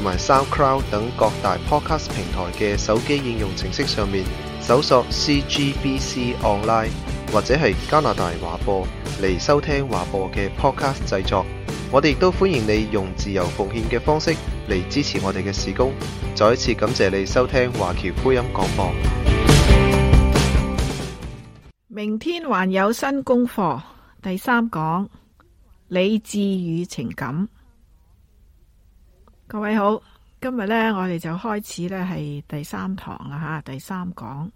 同埋 SoundCloud 等各大 Podcast 平台嘅手機應用程式上面搜索 CGBC Online 或者係加拿大華播嚟收聽華播嘅 Podcast 製作，我哋亦都歡迎你用自由奉獻嘅方式嚟支持我哋嘅事工。再一次感謝你收聽華僑福音廣播。明天還有新功課，第三講理智與情感。各位好，今日咧我哋就開始咧係第三堂啦吓，第三講。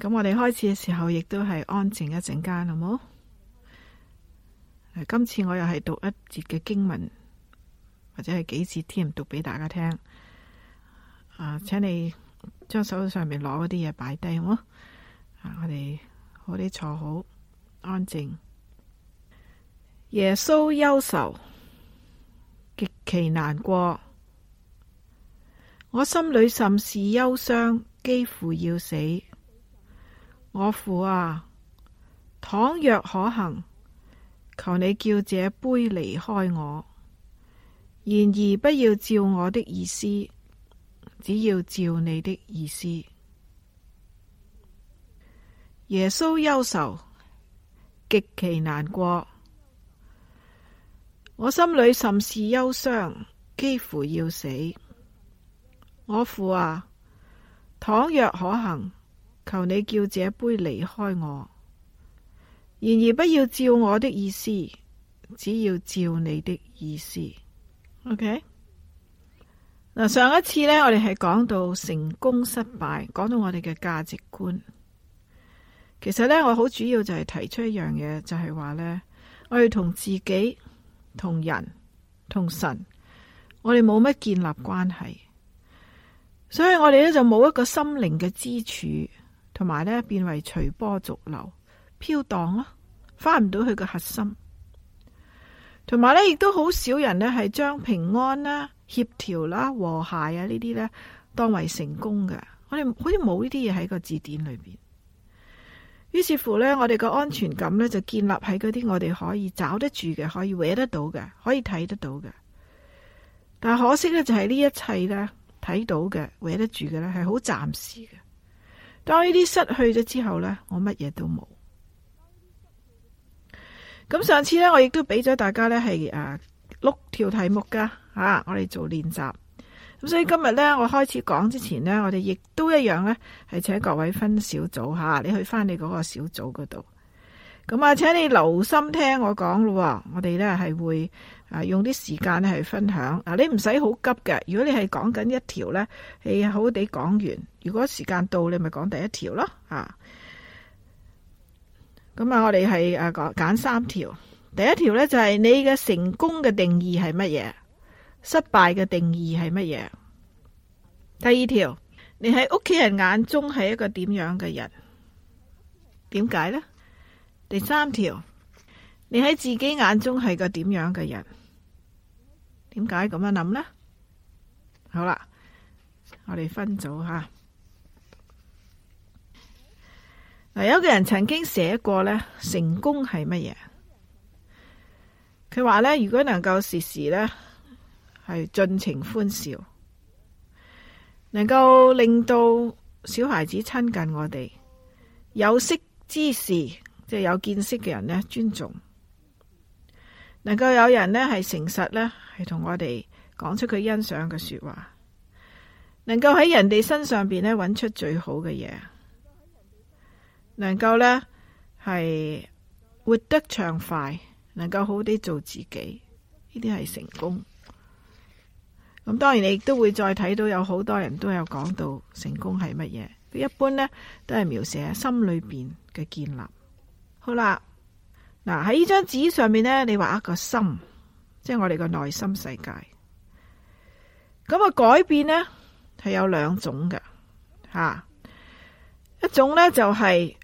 咁我哋開始嘅時候，亦都係安靜一陣間，好冇？今次我又係讀一節嘅經文，或者係幾節添，讀俾大家聽。啊，請你將手上面攞嗰啲嘢擺低，好冇？啊，我哋好啲坐好，安靜。耶穌憂愁。極其難過，我心裏甚是憂傷，幾乎要死。我父啊，倘若可行，求你叫這杯離開我；然而不要照我的意思，只要照你的意思。耶穌憂愁，極其難過。我心裏甚是憂傷，幾乎要死。我父啊，倘若可行，求你叫這杯離開我；然而不要照我的意思，只要照你的意思。OK，嗱，上一次呢，我哋係講到成功失敗，講到我哋嘅價值觀。其實呢，我好主要就係提出一樣嘢，就係、是、話呢，我要同自己。同人同神，我哋冇乜建立關係，所以我哋咧就冇一個心靈嘅支柱，同埋咧變為隨波逐流、飄蕩咯，翻唔到佢嘅核心。同埋咧，亦都好少人咧係將平安啦、協調啦、和諧啊呢啲咧當為成功嘅，我哋好似冇呢啲嘢喺個字典裏邊。.於是乎呢，我哋個安全感呢，就建立喺嗰啲我哋可以找得住嘅，可以搲得到嘅，可以睇得到嘅。但可惜呢，就係呢一切呢，睇到嘅搲得住嘅呢，係好暫時嘅。當呢啲失去咗之後呢，我乜嘢都冇。咁上次呢，我亦都俾咗大家呢，係誒六條題目噶吓，啊，我哋做練習。咁所以今日咧，我開始講之前呢，我哋亦都一樣咧，係請各位分小組吓，啊，你去翻你嗰個小組嗰度。咁啊，請你留心聽我講咯。我哋咧係會啊用啲時間咧去分享。啊，你唔使好急嘅。如果你係講緊一條咧，你好好地講完。如果時間到，你咪講第一條咯。咁啊，我哋係啊講揀三條。第一條咧就係、是、你嘅成功嘅定義係乜嘢？失敗嘅定義係乜嘢？第二條，你喺屋企人眼中係一個點樣嘅人？點解呢？第三條，你喺自己眼中係個點樣嘅人？點解咁樣諗呢？好啦，我哋分組吓。嗱，有個人曾經寫過呢，成功係乜嘢？佢話呢，如果能夠時時呢。」係盡情歡笑，能夠令到小孩子親近我哋；有識之士，即係有見識嘅人咧，尊重；能夠有人咧係誠實咧，係同我哋講出佢欣賞嘅說話；能夠喺人哋身上邊咧搵出最好嘅嘢；能夠呢係活得暢快，能夠好啲做自己，呢啲係成功。咁當然你亦都會再睇到有好多人都有講到成功係乜嘢，一般呢，都係描寫心裏邊嘅建立。好啦，嗱喺呢張紙上面呢，你畫一個心，即係我哋個內心世界。咁啊改變呢係有兩種嘅吓，一種呢，就係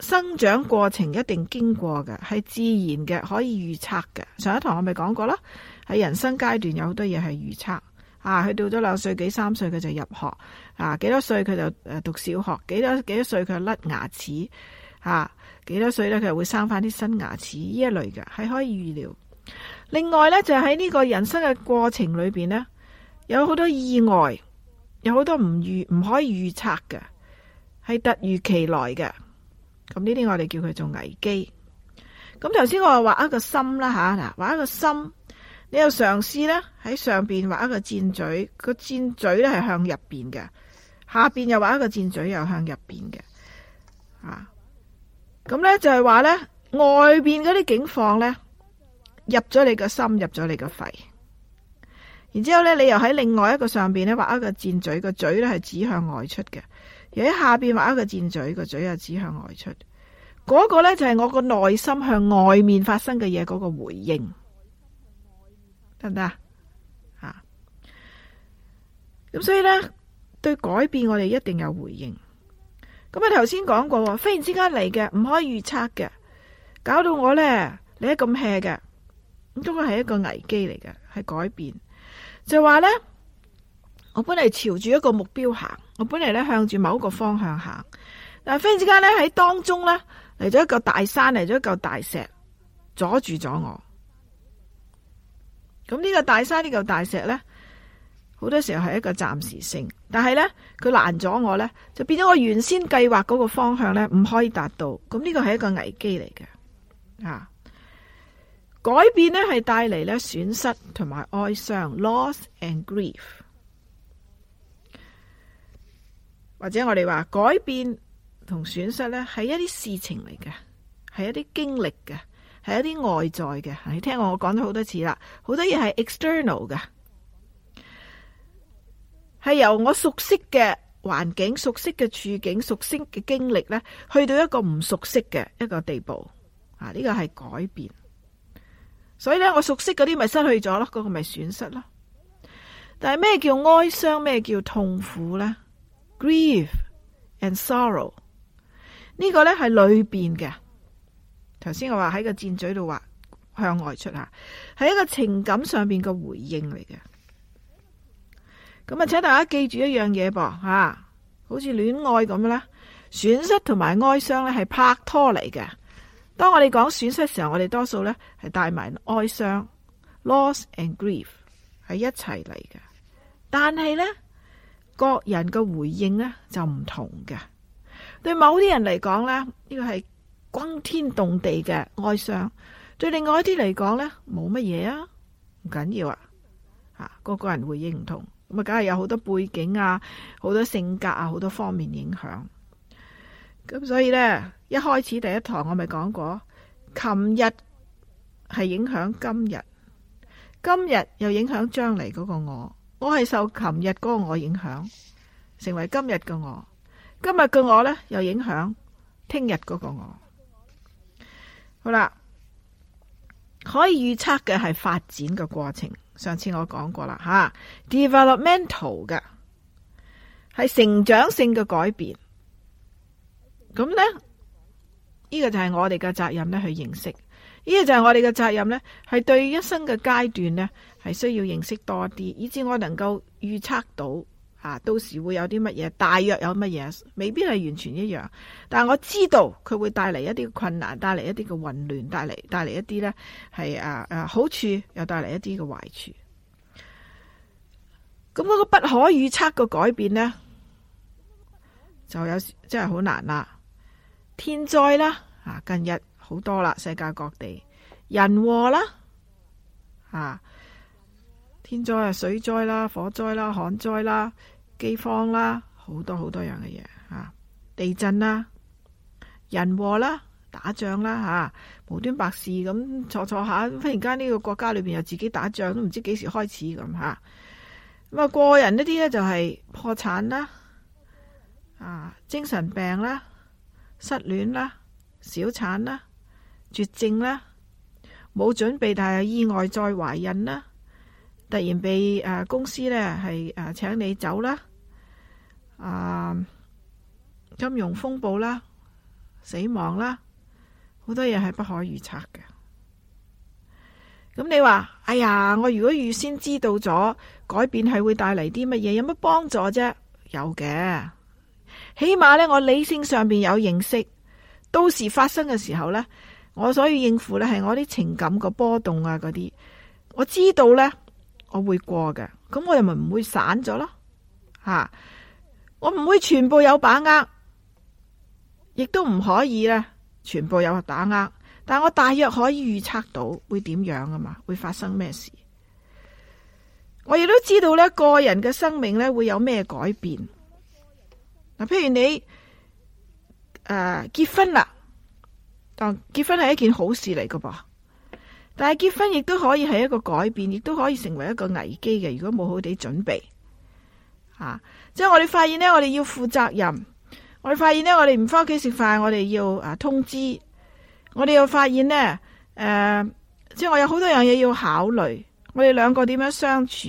生長過程一定經過嘅，係自然嘅，可以預測嘅。上一堂我咪講過啦，喺人生階段有好多嘢係預測。啊，佢到咗兩歲幾三歲佢就入學，啊，幾多歲佢就誒讀小學，幾多幾多歲佢就甩牙齒，吓，幾多歲咧佢又會生翻啲新牙齒，呢一類嘅係可以預料。另外呢，就喺呢個人生嘅過程裏邊呢，有好多意外，有好多唔預唔可以預測嘅，係突如其來嘅。咁呢啲我哋叫佢做危機。咁頭先我畫一個心啦吓，嗱、啊，畫一個心。你又嘗試咧喺上邊畫一個箭嘴，個箭嘴咧係向入邊嘅，下邊又畫一個箭嘴又向入邊嘅，啊，咁咧就係話咧外邊嗰啲景況咧入咗你個心，入咗你個肺，然之後咧你又喺另外一個上邊咧畫一個箭嘴，個嘴咧係指向外出嘅，又喺下邊畫一個箭嘴，個嘴又指向外出，嗰個咧就係我個內心向外面發生嘅嘢嗰個回應。得唔得啊？吓，咁所以咧，對改變我哋一定有回應。咁啊，頭先講過，忽然之間嚟嘅，唔可以預測嘅，搞到我咧嚟得咁 hea 嘅。咁都係係一個危機嚟嘅，係改變就話咧，我本嚟朝住一個目標行，我本嚟咧向住某一個方向行，但係忽然之間咧喺當中咧嚟咗一個大山，嚟咗一嚿大石，阻住咗我。咁呢個大山呢嚿大石呢，好多時候係一個暫時性，但係呢，佢攔咗我呢，就變咗我原先計劃嗰個方向呢，唔可以達到，咁呢個係一個危機嚟嘅啊！改變呢係帶嚟呢損失同埋哀傷，loss and grief，或者我哋話改變同損失呢係一啲事情嚟嘅，係一啲經歷嘅。係一啲外在嘅，你聽我講咗好多次啦，好多嘢係 external 嘅，係由我熟悉嘅環境、熟悉嘅處境、熟悉嘅經歷呢，去到一個唔熟悉嘅一個地步，啊，呢個係改變。所以呢，我熟悉嗰啲咪失去咗咯，嗰個咪損失咯。但係咩叫哀傷？咩叫痛苦呢？Grief and sorrow 呢個呢係裏邊嘅。頭先我話喺個箭嘴度話向外出吓，係一個情感上面嘅回應嚟嘅。咁啊，請大家記住一樣嘢噃吓，好似戀愛咁啦，損失同埋哀傷咧，係拍拖嚟嘅。當我哋講損失嘅時候，我哋多數咧，係帶埋哀傷 （loss and grief） 喺一齊嚟嘅。但係呢，各人嘅回應呢就唔同嘅。對某啲人嚟講呢，呢、呢個係。轟天動地嘅哀傷。對另外一啲嚟講呢，冇乜嘢啊，唔緊要啊。個個人回應唔同，咁啊，梗係有好多背景啊，好多性格啊，好多方面影響。咁所以呢，一開始第一堂我咪講過，琴日係影響今日，今日又影響將來嗰個我。我係受琴日嗰個我影響，成為今日嘅我。今日嘅我呢，又影響聽日嗰個我。好啦，可以預測嘅，係發展嘅過程。上次我講過啦，吓、啊、developmental 嘅，係成長性嘅改變。咁呢呢、呢個就係我哋嘅責任咧去認識，呢、呢個就係我哋嘅責任咧係對一生嘅階段咧係需要認識多啲，以至我能夠預測到。啊！到時會有啲乜嘢？大約有乜嘢？未必係完全一樣，但係我知道佢會帶嚟一啲困難，帶嚟一啲嘅混亂，帶嚟帶嚟一啲呢係啊，啊好處，又帶嚟一啲嘅壞處。咁嗰個不可預測嘅改變呢，就有時真係好難啦。天災啦啊，近日好多啦，世界各地人禍啦啊，天災啊，水災啦，火災啦，旱災啦。飢荒啦，好多好多樣嘅嘢吓，地震啦，人禍啦，打仗啦吓，啊，無端白事咁坐坐下，忽然間呢個國家裏邊又自己打仗，都唔知幾時開始咁吓。咁啊，啊，個人一啲呢，就係破產啦，啊，精神病啦，失戀啦，小產啦，絕症啦，冇準備但係意外再懷孕啦。突然被誒、呃、公司咧係誒請你走啦，啊，金融風暴啦，死亡啦，好多嘢係不可預測嘅。咁你話，哎呀，我如果預先知道咗，改變係會帶嚟啲乜嘢？有乜幫助啫？有嘅，起碼呢，我理性上邊有認識，到時發生嘅時候呢，我所以應付呢係我啲情感個波動啊那些，嗰啲我知道呢。我會過嘅，咁我又咪唔會散咗咯？吓、啊，我唔會全部有把握，亦都唔可以咧，全部有把握。但我大約可以預測到會點樣啊嘛，會發生咩事？我亦都知道咧，個人嘅生命咧會有咩改變。嗱，譬如你誒、呃、結婚啦，但結婚係一件好事嚟㗎噃。但係結婚亦都可以係一個改變，亦都可以成為一個危機嘅。如果冇好地準備，啊，即係我哋發現呢，我哋要負責任。我哋發現呢，我哋唔返屋企食飯，我哋要啊通知。我哋又發現呢，誒，呃，即係我有好多樣嘢要考慮。我哋兩個點樣相處？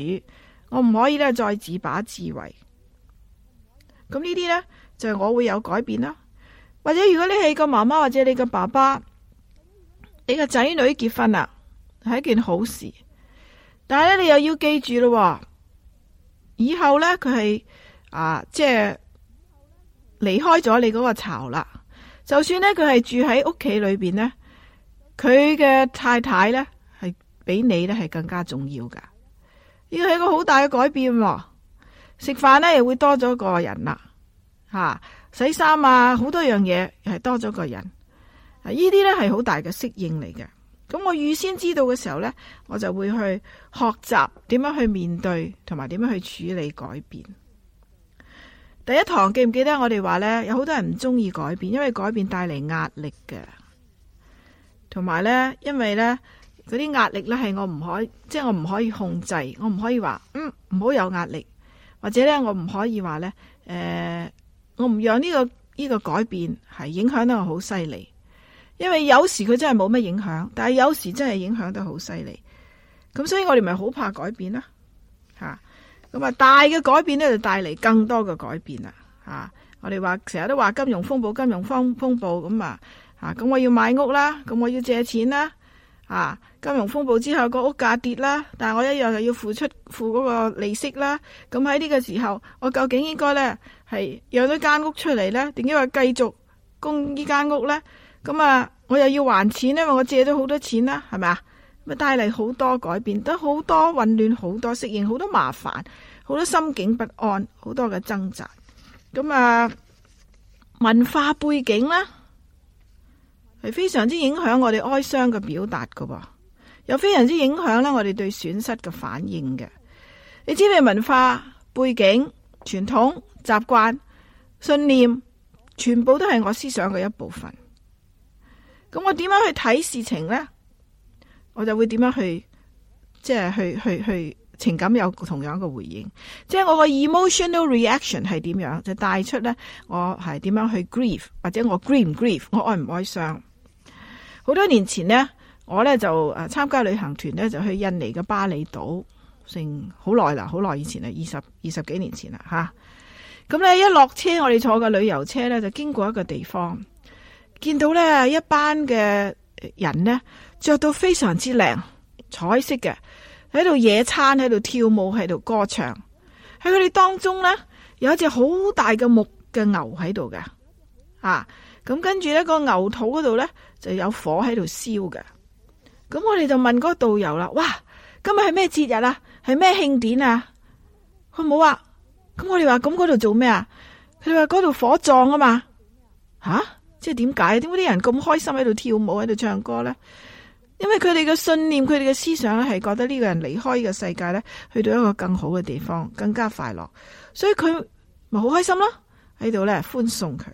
我唔可以咧再自把自為。咁呢啲呢，就係我會有改變啦。或者如果你係個媽媽或者你個爸爸，你個仔女結婚啦。係一件好事，但係咧，你又要記住咯。以後咧，佢係啊，即係離開咗你嗰個巢啦。就算咧，佢係住喺屋企裏邊咧，佢嘅太太咧係比你咧係更加重要噶呢個係一個好大嘅改變，食飯咧又會多咗個人啦，吓洗衫啊，好多樣嘢係多咗個人。啊，呢啲咧係好大嘅適應嚟嘅。咁我預先知道嘅時候呢，我就會去學習點樣去面對同埋點樣去處理改變。第一堂記唔記得我哋話呢，有好多人唔中意改變，因為改變帶嚟壓力嘅，同埋呢，因為呢，嗰啲壓力呢，係、就是、我唔可，即係我唔可以控制，我唔可以話，嗯，唔好有壓力，或者呢，我唔可以話呢，誒、呃，我唔讓呢、呢個呢、呢個改變係影響得我好犀利。因為有時佢真係冇乜影響，但係有時真係影響得好犀利。咁所以我哋咪好怕改變啦，吓。咁啊，大嘅改變呢，就帶嚟更多嘅改變啦，吓、啊。我哋話成日都話金融風暴、金融風風暴咁啊，吓、啊。咁我要買屋啦，咁我要借錢啦，啊。金融風暴之後個屋價跌啦，但係我一樣又要付出付嗰個利息啦。咁喺呢個時候，我究竟應該呢？係讓咗間屋出嚟呢？定係繼續供呢間屋呢？咁啊！我又要還錢咧，因為我借咗好多錢啦，係咪啊？咁帶嚟好多改變，都好多混亂，好多適應，好多麻煩，好多心境不安，好多嘅掙扎。咁啊，文化背景呢，係非常之影響我哋哀傷嘅表達噶，又非常之影響咧，我哋對損失嘅反應嘅。你知唔知文化背景、傳統、習慣、信念，全部都係我思想嘅一部分。咁我點樣去睇事情呢？我就會點樣去，即係去去去情感有同樣一個回應，即係我個 emotional reaction 係點樣，就帶出呢，我係點樣去 grief 或者我 grieve 唔 grieve，我哀唔哀傷。好多年前呢，我呢就誒參加旅行團呢，就去印尼嘅巴厘島，成好耐啦，好耐以前啦，二十二十幾年前啦吓。咁呢一落車，我哋坐嘅旅遊車呢，就經過一個地方。見到咧一班嘅人呢，着到非常之靚，彩色嘅喺度野餐，喺度跳舞，喺度歌唱。喺佢哋當中呢，有一隻好大嘅木嘅牛喺度嘅，啊！咁跟住呢、嗰個牛肚嗰度呢，就有火喺度燒嘅。咁我哋就問嗰個導遊啦：哇！今日係咩節日啊？係咩慶典啊？佢冇啊！咁我哋話咁嗰度做咩啊？佢哋話嗰度火葬啊嘛，吓！即係點解？點解啲人咁開心喺度跳舞，喺度唱歌呢？因為佢哋嘅信念，佢哋嘅思想係覺得呢個人離開呢個世界咧，去到一個更好嘅地方，更加快樂，所以佢咪好開心咯喺度咧，歡送佢。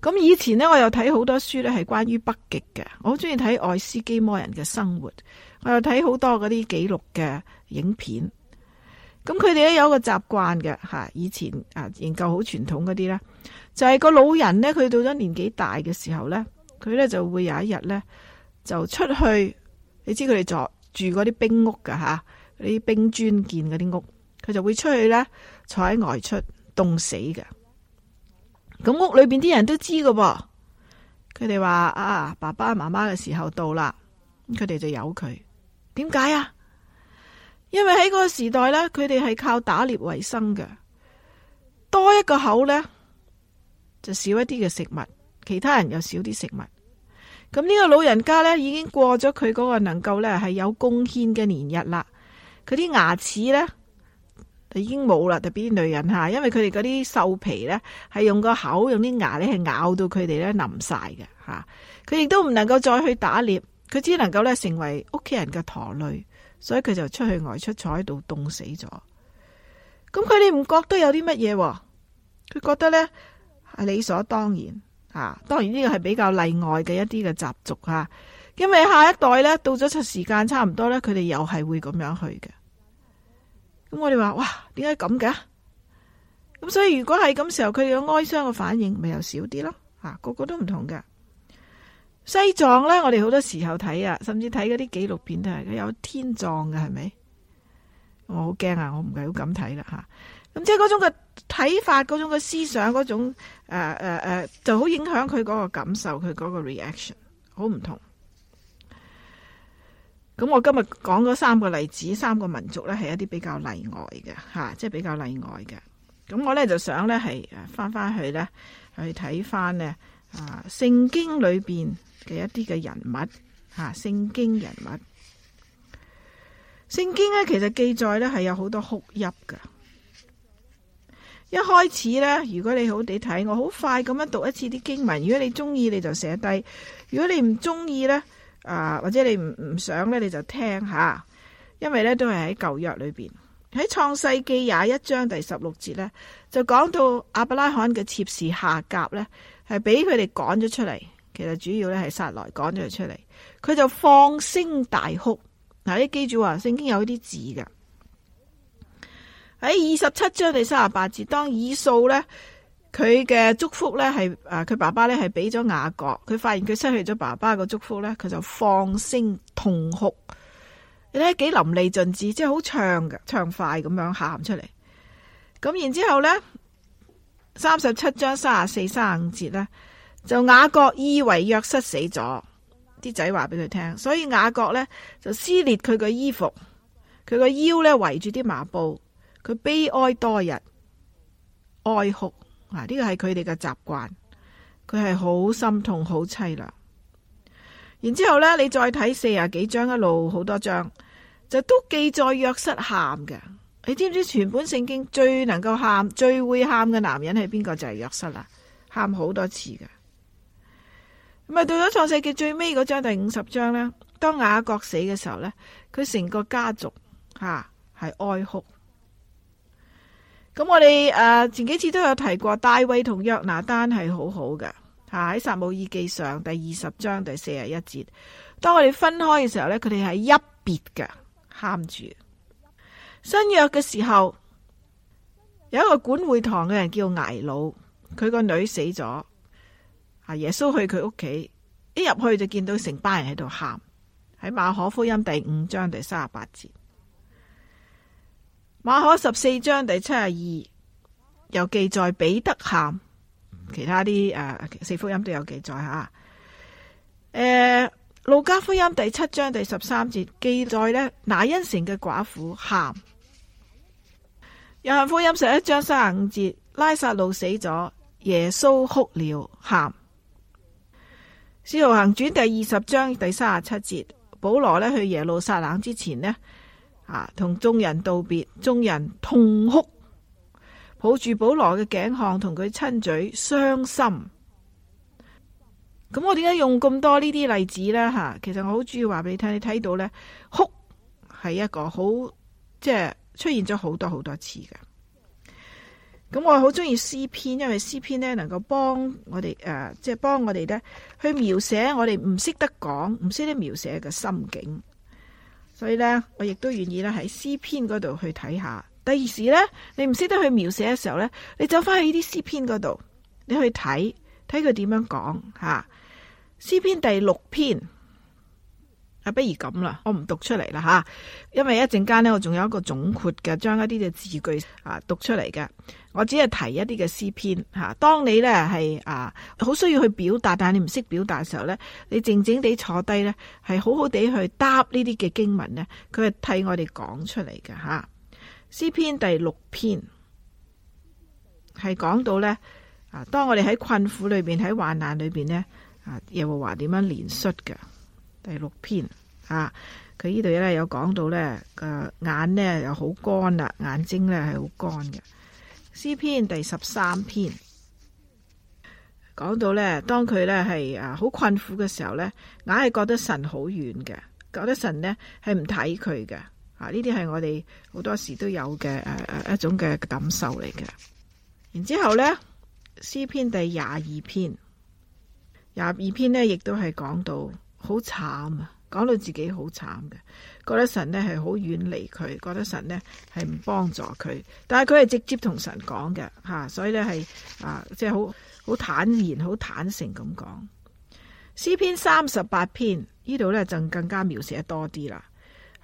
咁以前呢，我又睇好多書咧，係關於北極嘅。我好中意睇愛斯基摩人嘅生活，我又睇好多嗰啲記錄嘅影片。咁佢哋咧有個習慣嘅吓，以前啊研究好傳統嗰啲啦，就係、是、個老人咧，佢到咗年紀大嘅時候咧，佢咧就會有一日咧就出去，你知佢哋住住嗰啲冰屋噶吓，嗰、啊、啲冰磚建嗰啲屋，佢就會出去咧坐喺外出凍死嘅。咁屋裏邊啲人都知噶噃，佢哋話啊爸爸媽媽嘅時候到啦，咁佢哋就由佢，點解啊？因為喺嗰個時代呢，佢哋係靠打獵為生嘅，多一個口呢，就少一啲嘅食物，其他人又少啲食物。咁呢個老人家呢，已經過咗佢嗰個能夠呢係有貢獻嘅年日啦，佢啲牙齒呢，已經冇啦。特別啲女人吓，因為佢哋嗰啲獸皮呢，係用個口用啲牙呢，係咬到佢哋呢，腍晒嘅吓。佢、啊、亦都唔能夠再去打獵，佢只能夠呢，成為屋企人嘅拖累。所以佢就出去外出坐喺度凍死咗，咁佢哋唔覺得有啲乜嘢，佢覺得呢係理所當然，吓、啊，當然呢個係比較例外嘅一啲嘅習俗吓、啊，因為下一代呢，到咗出時間差唔多呢，佢哋又係會咁樣去嘅。咁我哋話哇，點解咁嘅？咁所以如果係咁時候，佢哋嘅哀傷嘅反應咪又少啲咯，吓、啊、個個都唔同嘅。西藏咧，我哋好多時候睇啊，甚至睇嗰啲紀錄片都係，有天葬嘅，係咪？我好驚啊，我唔係好敢睇啦吓。咁即係嗰種嘅睇法，嗰種嘅思想，嗰種誒誒誒，就好影響佢嗰個感受，佢嗰個 reaction 好唔同。咁我今日講嗰三個例子，三個民族咧係一啲比較例外嘅吓，即係比較例外嘅。咁我咧就想咧係誒翻翻去咧去睇翻呢。啊，聖經裏邊嘅一啲嘅人物吓、啊，聖經人物，聖經呢其實記載呢係有好多哭泣噶。一開始呢，如果你好地睇，我好快咁樣讀一次啲經文。如果你中意，你就寫低；如果你唔中意呢，啊或者你唔唔想呢，你就聽下。因為呢，都係喺舊約裏邊喺創世記廿一章第十六節呢，就講到亞伯拉罕嘅妾侍夏甲呢。係俾佢哋趕咗出嚟，其實主要咧係撒來趕咗佢出嚟。佢就放聲大哭。嗱、啊，啲記住話聖經有啲字噶，喺二十七章第三十八節，當以掃咧佢嘅祝福咧係啊，佢爸爸咧係俾咗雅各，佢發現佢失去咗爸爸嘅祝福咧，佢就放聲痛哭。你睇幾淋漓盡致，即係好暢嘅，暢快咁樣喊出嚟。咁然之後咧。三十七章三十四三十五節呢，就雅各以為約瑟死咗，啲仔話俾佢聽，所以雅各呢，就撕裂佢嘅衣服，佢個腰呢圍住啲麻布，佢悲哀多日，哀哭啊！呢個係佢哋嘅習慣，佢係好心痛好淒涼。然之後呢，你再睇四十幾章一路好多章，就都記載約瑟喊嘅。你知唔知全本聖經最能夠喊、最會喊嘅男人係邊個？就係約瑟啦，喊好多次噶。咁啊，到咗創世記最尾嗰章第五十章呢，當雅各死嘅時候呢，佢成個家族吓係、啊、哀哭。咁我哋誒、啊、前幾次都有提過，大衛同約拿單係好好嘅吓，喺、啊、撒母耳記上第二十章第四十一節，當我哋分開嘅時候呢，佢哋係一別嘅，喊住。新約嘅時候，有一個管會堂嘅人叫睚魯，佢個女死咗。啊，耶穌去佢屋企，一入去就見到成班人喺度喊。喺馬可福音第五章第三十八節，馬可十四章第七十二有記載彼得喊，其他啲誒、呃、四福音都有記載吓。誒、呃，路加福音第七章第十三節記載呢，拿因城嘅寡婦喊。約翰福音十一章三十五節，拉撒路死咗，耶穌哭了，喊。使徒行傳第二十章第三十七節，保羅去耶路撒冷之前呢，啊，同眾人道別，眾人痛哭，抱住保羅嘅頸項，同佢親嘴，傷心。咁我點解用咁多呢啲例子呢？吓，其實我好主要話俾你聽，你睇到呢，哭係一個好即係。出現咗好多好多次嘅，咁我好中意詩篇，因為詩篇咧能夠幫我哋誒，即係幫我哋呢去描寫我哋唔識得講、唔識得描寫嘅心境。所以呢，我亦都願意咧喺詩篇嗰度去睇下。第二時呢，你唔識得去描寫嘅時候呢，你走翻去呢啲詩篇嗰度，你去睇睇佢點樣講吓。啊，詩篇第六篇。啊，不如咁啦，我唔讀出嚟啦吓，因為一陣間咧，我仲有一個總括嘅，將一啲嘅字句啊讀出嚟嘅。我只係提一啲嘅詩篇吓。當你咧係啊，好需要去表達，但係你唔識表達嘅時候咧，你靜靜地坐低咧，係好好地去答呢啲嘅經文咧，佢係替我哋講出嚟嘅吓。詩篇第六篇係講到咧啊，當我哋喺困苦裏邊，喺患難裏邊咧啊，又話點樣憐恤㗎。第六篇啊，佢呢度咧有講到咧個眼咧又好乾啦，眼睛咧係好乾嘅。詩篇第十三篇講到咧，當佢咧係啊好困苦嘅時候咧，硬係覺得神好遠嘅，覺得神咧係唔睇佢嘅。啊，呢啲係我哋好多時都有嘅誒誒一種嘅感受嚟嘅。然之後咧，詩篇第廿二篇廿二篇咧，亦都係講到。好慘啊！講到自己好慘嘅，覺得神呢係好遠離佢，覺得神呢係唔幫助佢。但係佢係直接同神講嘅，吓，所以呢係啊，即係好好坦然、好坦誠咁講。詩篇三十八篇呢度呢，這裏就更加描寫多啲啦，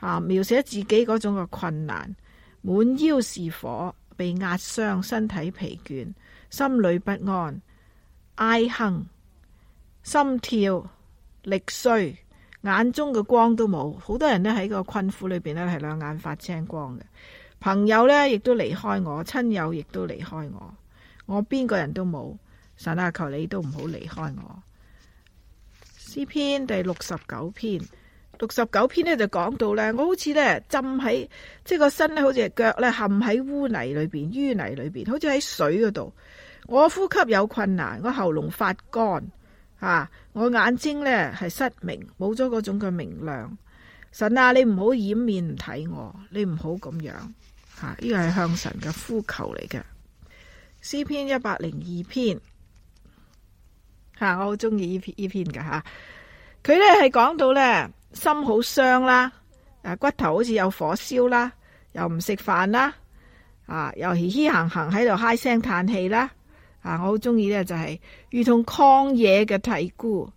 吓，描寫自己嗰種嘅困難，滿腰是火，被壓傷，身體疲倦，心裏不安，哀哼，心跳，力衰，眼中嘅光都冇。好多人呢喺個困苦裏邊呢係兩眼發青光嘅，朋友呢亦都離開我，親友亦都離開我，我邊個人都冇，神啊，求你都唔好離開我。詩篇第六十九篇，六十九篇呢就講到呢：「我好似呢浸喺，即係個身呢好似隻腳呢陷喺污泥裏邊，淤泥裏邊，好似喺水嗰度，我呼吸有困難，我喉嚨發乾。啊！我眼睛呢係失明，冇咗嗰種嘅明亮。神啊，你唔好掩面睇我，你唔好咁樣。吓、啊，呢個係向神嘅呼求嚟嘅。詩篇一百零二篇，吓、啊，我好中意呢篇呢篇嘅吓。佢呢係講到呢：「心好傷啦、啊，骨頭好似有火燒啦，又唔食飯啦，啊，又嘻嘻行行喺度嗨聲嘆氣啦。啊，我好中意呢，就係如同曠野嘅鵜鶘，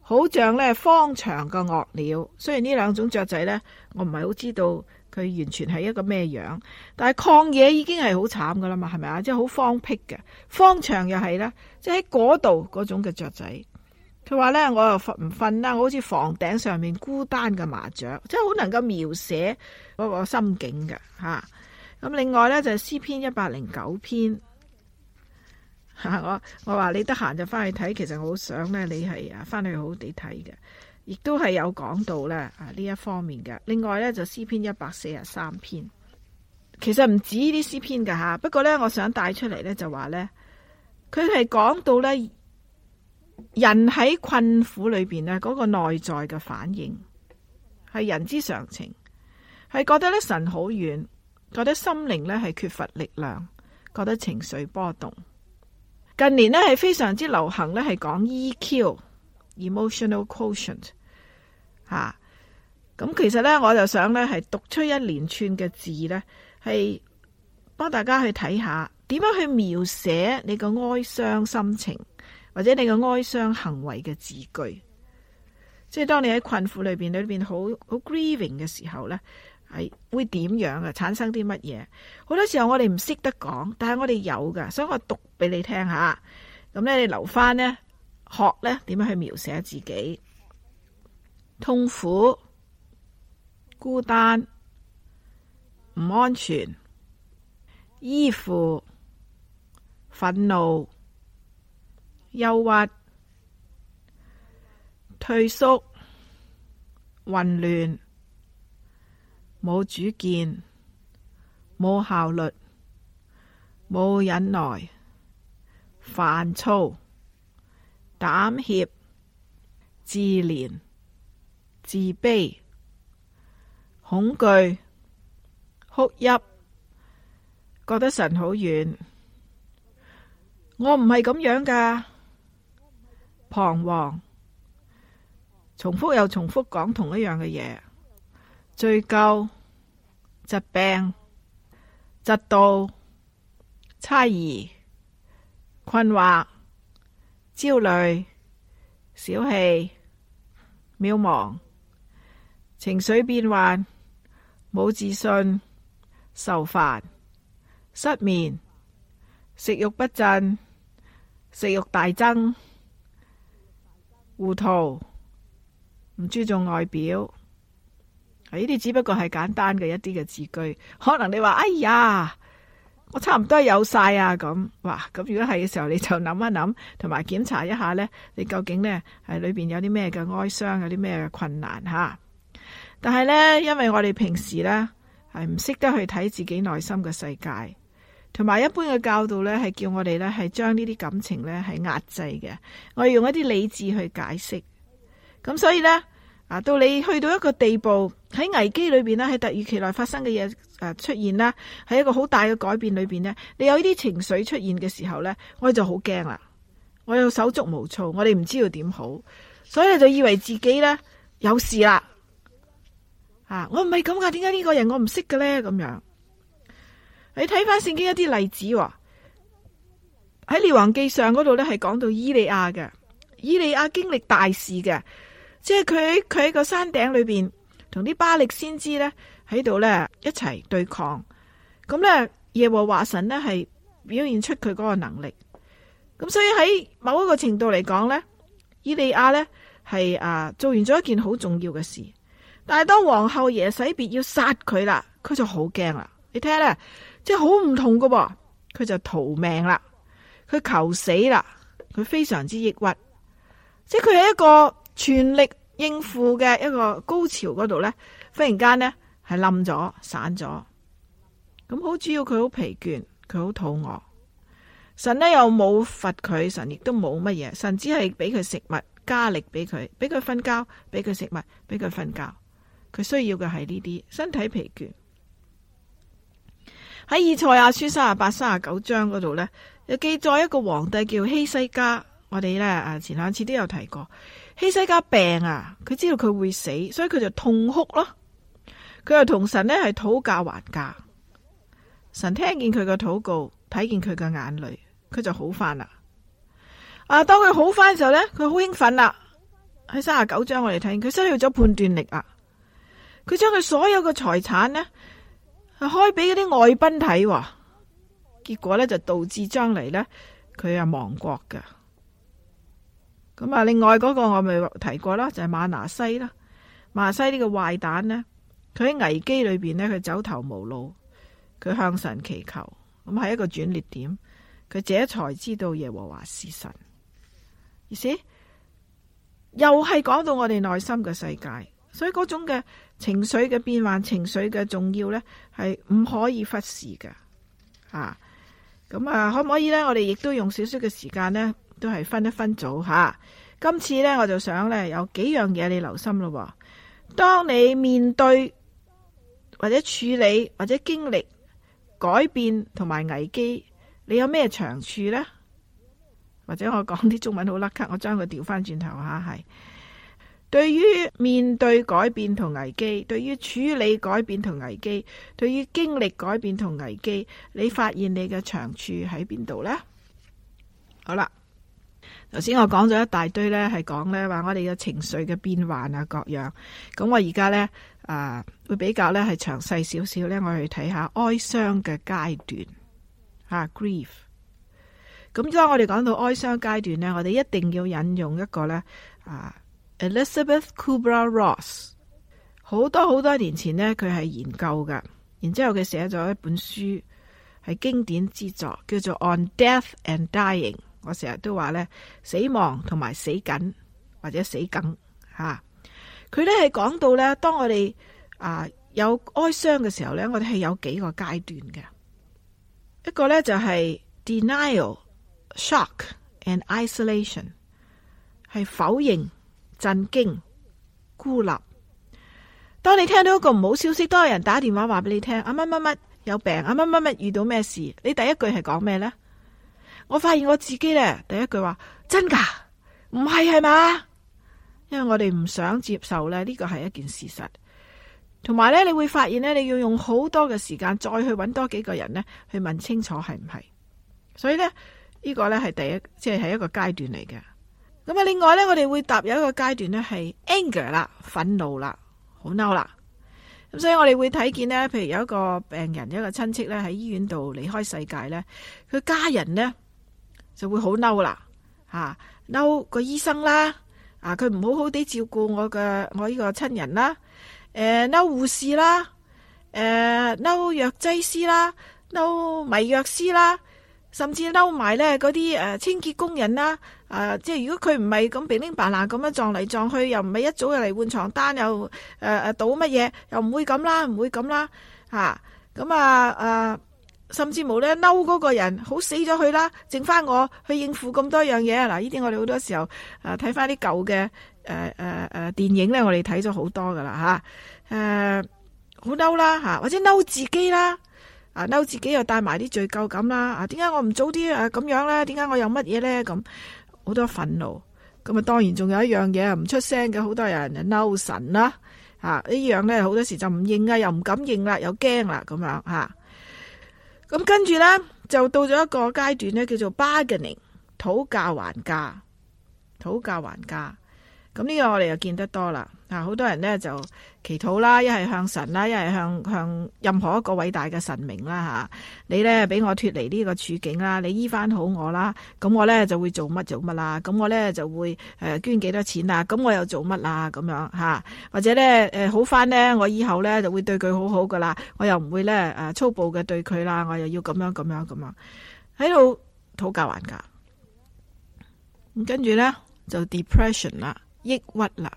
好像呢荒場嘅鴞鳥。雖然呢兩種雀仔呢，我唔係好知道佢完全係一個咩樣，但係曠野已經係好慘噶啦嘛，係咪啊？即係好荒僻嘅，荒場又係呢，即係喺嗰度嗰種嘅雀仔。佢話呢，我又瞓唔瞓啦，我好似房頂上面孤單嘅麻雀，即係好能夠描寫我個心境嘅吓。咁、啊、另外呢，就係、是、詩篇一百零九篇。我我話你得閒就翻去睇，其實我好想咧，你係啊翻去好好地睇嘅，亦都係有講到咧啊呢一方面嘅。另外咧就詩篇一百四十三篇，其實唔止呢啲詩篇噶吓，不過咧我想帶出嚟咧就話咧，佢係講到咧人喺困苦裏邊咧嗰個內在嘅反應係人之常情，係覺得咧神好遠，覺得心靈咧係缺乏力量，覺得情緒波動。近年咧係非常之流行咧，係講 EQ（emotional quotient） 吓。咁、啊、其實咧，我就想咧係讀出一連串嘅字咧，係幫大家去睇下點樣去描寫你個哀傷心情或者你個哀傷行為嘅字句，即係當你喺困苦裏邊，裏邊好好 grieving 嘅時候咧。係會點樣啊？產生啲乜嘢？好多時候我哋唔識得講，但係我哋有噶，所以我讀俾你聽下。咁咧，你留翻呢，學咧點樣去描寫自己？痛苦、孤單、唔安全、依附、憤怒、憂鬱、退縮、混亂。冇主見，冇效率，冇忍耐，煩躁、膽怯、自憐、自卑、恐懼、哭泣，覺得神好遠。我唔係咁樣㗎，彷徨，重複又重複講同一樣嘅嘢。追究疾病、嫉妒、猜疑、困惑、焦慮、小氣、渺茫、情緒變幻、冇自信、愁煩、失眠、食慾不振、食慾大增、糊塗、唔注重外表。呢啲只不過係簡單嘅一啲嘅字句，可能你話哎呀，我差唔多有晒啊。咁哇，咁如果係嘅時候，你就諗一諗，同埋檢查一下呢，你究竟呢係裏邊有啲咩嘅哀傷，有啲咩嘅困難吓。但係呢，因為我哋平時呢係唔識得去睇自己內心嘅世界，同埋一般嘅教導呢係叫我哋呢係將呢啲感情呢係壓制嘅，我要用一啲理智去解釋。咁所以呢，啊，到你去到一個地步。喺危機裏邊咧，喺突如其來發生嘅嘢誒出現啦，喺一個好大嘅改變裏邊咧，你有呢啲情緒出現嘅時候呢，我就好驚啦，我又手足無措，我哋唔知道點好，所以就以為自己呢有事啦，吓、啊、我唔係咁噶，點解呢個人我唔識嘅呢？咁樣，你睇翻聖經一啲例子喎，喺列王記上嗰度呢係講到以利亞嘅，以利亞經歷大事嘅，即係佢佢喺個山頂裏邊。同啲巴力先知呢喺度呢一齊對抗，咁呢，耶和華神呢係表現出佢嗰個能力，咁所以喺某一個程度嚟講呢，以利亞呢係啊做完咗一件好重要嘅事，但係當王後耶洗別要殺佢啦，佢就好驚啦，你睇下呢，即係好唔同噶喎，佢就逃命啦，佢求死啦，佢非常之抑鬱，即係佢係一個全力。應付嘅一個高潮嗰度呢，忽然間呢，係冧咗，散咗。咁好主要佢好疲倦，佢好肚餓。神呢又冇罰佢，神亦都冇乜嘢，神只係俾佢食物，加力俾佢，俾佢瞓覺，俾佢食物，俾佢瞓覺。佢需要嘅係呢啲身體疲倦。喺以賽亞書三十八、三十九章嗰度呢，又記載一個皇帝叫希西家，我哋呢，啊前兩次都有提過。希西家病啊，佢知道佢會死，所以佢就痛哭咯。佢又同神呢係討價還價。神聽見佢嘅禱告，睇見佢嘅眼淚，佢就好翻啦。啊，當佢好翻嘅時候呢，佢好興奮啦。喺三十九章我哋睇佢失去咗判斷力啊。佢將佢所有嘅財產呢，係開俾嗰啲外賓睇，結果呢，就導致將嚟呢，佢係亡國㗎。咁啊，另外嗰個我咪提過啦，就係馬拿西啦。馬拿西呢個壞蛋呢，佢喺危機裏邊呢，佢走投無路，佢向神祈求，咁係一個轉捩點，佢這才知道耶和華是神。意思又係講到我哋內心嘅世界，所以嗰種嘅情緒嘅變幻、情緒嘅重要呢，係唔可以忽視㗎。啊，咁啊，可唔可以呢？我哋亦都用少少嘅時間呢。都係分一分組吓、啊。今次呢，我就想呢，有幾樣嘢你留心咯。當你面對或者處理或者經歷改變同埋危機，你有咩長處呢？或者我講啲中文好甩咳，我將佢調翻轉頭吓。係、啊、對於面對改變同危機，對於處理改變同危機，對於經歷改變同危機，你發現你嘅長處喺邊度呢？好啦。頭先我講咗一大堆咧，係講咧話我哋嘅情緒嘅變幻啊各樣。咁我而家咧啊，會比較咧係詳細少少咧，我去睇下哀傷嘅階段吓 grief。咁、啊、之我哋講到哀傷階段咧，我哋一定要引用一個咧啊，Elizabeth Kubler Ross。好多好多年前呢，佢係研究嘅，然之後佢寫咗一本書係經典之作，叫做《On Death and Dying》。我成日都話咧死亡同埋死緊或者死梗吓，佢咧係講到咧，當我哋啊有哀傷嘅時候咧，我哋係有幾個階段嘅。一個咧就係、是、denial shock and isolation，係否認、震驚、孤立。當你聽到一個唔好消息，都有人打電話話俾你聽，阿乜乜乜有病，阿乜乜乜遇到咩事，你第一句係講咩咧？我發現我自己咧，第一句話真噶？唔係，係嘛？因為我哋唔想接受咧，呢個係一件事實。同埋咧，你會發現咧，你要用好多嘅時間再去揾多幾個人咧去問清楚係唔係。所以咧，呢個咧係第一，即係係一個階段嚟嘅。咁啊，另外咧，我哋會踏入一個階段咧，係 anger 啦，憤怒啦，好嬲啦。咁所以我哋會睇見咧，譬如有一個病人，有一個親戚咧喺醫院度離開世界咧，佢家人咧。就會好嬲啦，吓嬲個醫生啦，啊佢唔好好地照顧我嘅我呢個親人啦，誒、啊、嬲護士啦，誒、啊、嬲藥劑師啦，嬲迷藥師啦，甚至嬲埋咧嗰啲誒清潔工人啦，啊即係如果佢唔係咁平平白白咁樣撞嚟撞去，又唔係一早又嚟換床單，又誒誒、啊啊、倒乜嘢，又唔會咁啦，唔會咁啦，吓咁啊誒。啊啊甚至無咧嬲嗰個人好死咗佢啦，剩翻我去應付咁多樣嘢嗱，呢啲我哋好多時候睇翻啲舊嘅誒誒誒電影咧，我哋睇咗好多噶，啊啊、啦吓誒，好嬲啦吓，或者嬲自己啦啊嬲自己又帶埋啲罪疚感啦啊！點解我唔早啲誒咁樣咧？點解我又乜嘢咧？咁好多憤怒咁啊！當然仲有一樣嘢唔出聲嘅，好多人嬲神啦吓呢樣咧，好多時候就唔應啊，又唔敢應啦，又驚啦咁樣吓。咁跟住呢，就到咗一個階段呢，叫做 bargaining，討價還價，討價還價。咁、這、呢個我哋又見得多啦，好多人呢，就。祈禱啦，一係向神啦，一係向向任何一個偉大嘅神明啦吓、啊。你咧俾我脫離呢個處境啦，你醫翻好我啦，咁我咧就會做乜做乜啦。咁我咧就會誒捐幾多錢啦，咁我又做乜啦，咁樣吓，或者咧誒好翻呢？我以後咧就會對佢好好噶啦，我又唔會咧誒粗暴嘅對佢啦，我又要咁樣咁樣咁樣喺度討價還價。跟住咧就 depression 啦，抑鬱啦，